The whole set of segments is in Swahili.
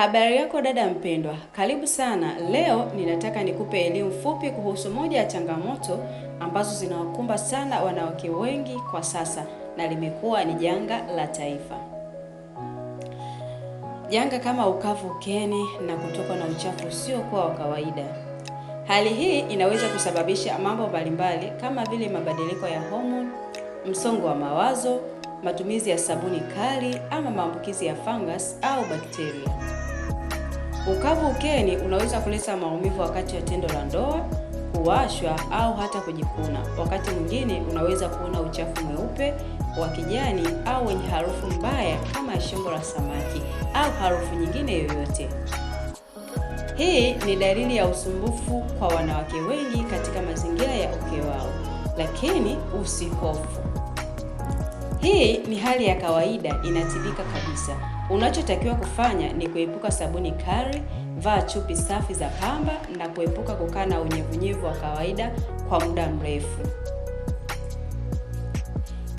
Habari yako dada mpendwa, karibu sana. Leo ninataka nikupe elimu fupi kuhusu moja ya changamoto ambazo zinawakumba sana wanawake wengi kwa sasa na limekuwa ni janga la taifa. Janga kama ukavu keni na kutokwa na uchafu usiokuwa wa kawaida. Hali hii inaweza kusababisha mambo mbalimbali kama vile mabadiliko ya homoni, msongo wa mawazo, matumizi ya sabuni kali ama maambukizi ya fungus au bakteria. Ukavu ukeni unaweza kuleta maumivu wakati wa tendo la ndoa, kuwashwa au hata kujikuna. Wakati mwingine unaweza kuona uchafu mweupe wa kijani au wenye harufu mbaya kama shimbo la samaki au harufu nyingine yoyote. Hii ni dalili ya usumbufu kwa wanawake wengi katika mazingira ya uke wao, lakini usihofu. Hii ni hali ya kawaida, inatibika kabisa. Unachotakiwa kufanya ni kuepuka sabuni kali, vaa chupi safi za pamba na kuepuka kukaa na unyevunyevu wa kawaida kwa muda mrefu.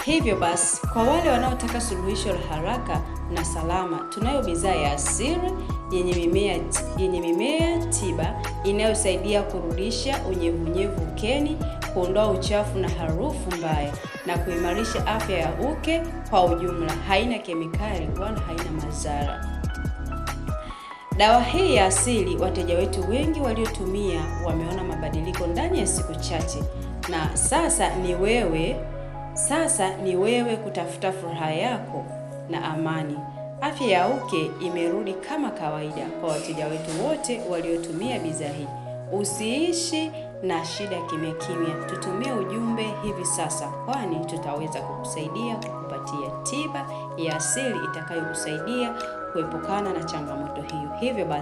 Hivyo basi, kwa wale wanaotaka suluhisho la haraka na salama, tunayo bidhaa ya asili yenye mimea yenye mimea tiba inayosaidia kurudisha unyevunyevu ukeni kuondoa uchafu na harufu mbaya na kuimarisha afya ya uke kwa ujumla. Haina kemikali wala haina madhara. Dawa hii ya asili, wateja wetu wengi waliotumia wameona mabadiliko ndani ya siku chache, na sasa ni wewe, sasa ni wewe kutafuta furaha yako na amani. Afya ya uke imerudi kama kawaida kwa wateja wetu wote waliotumia bidhaa hii. Usiishi na shida ya kimya kimya, tutumie ujumbe hivi sasa, kwani tutaweza kukusaidia kukupatia tiba ya asili itakayokusaidia kuepukana na changamoto hiyo. Hivyo basi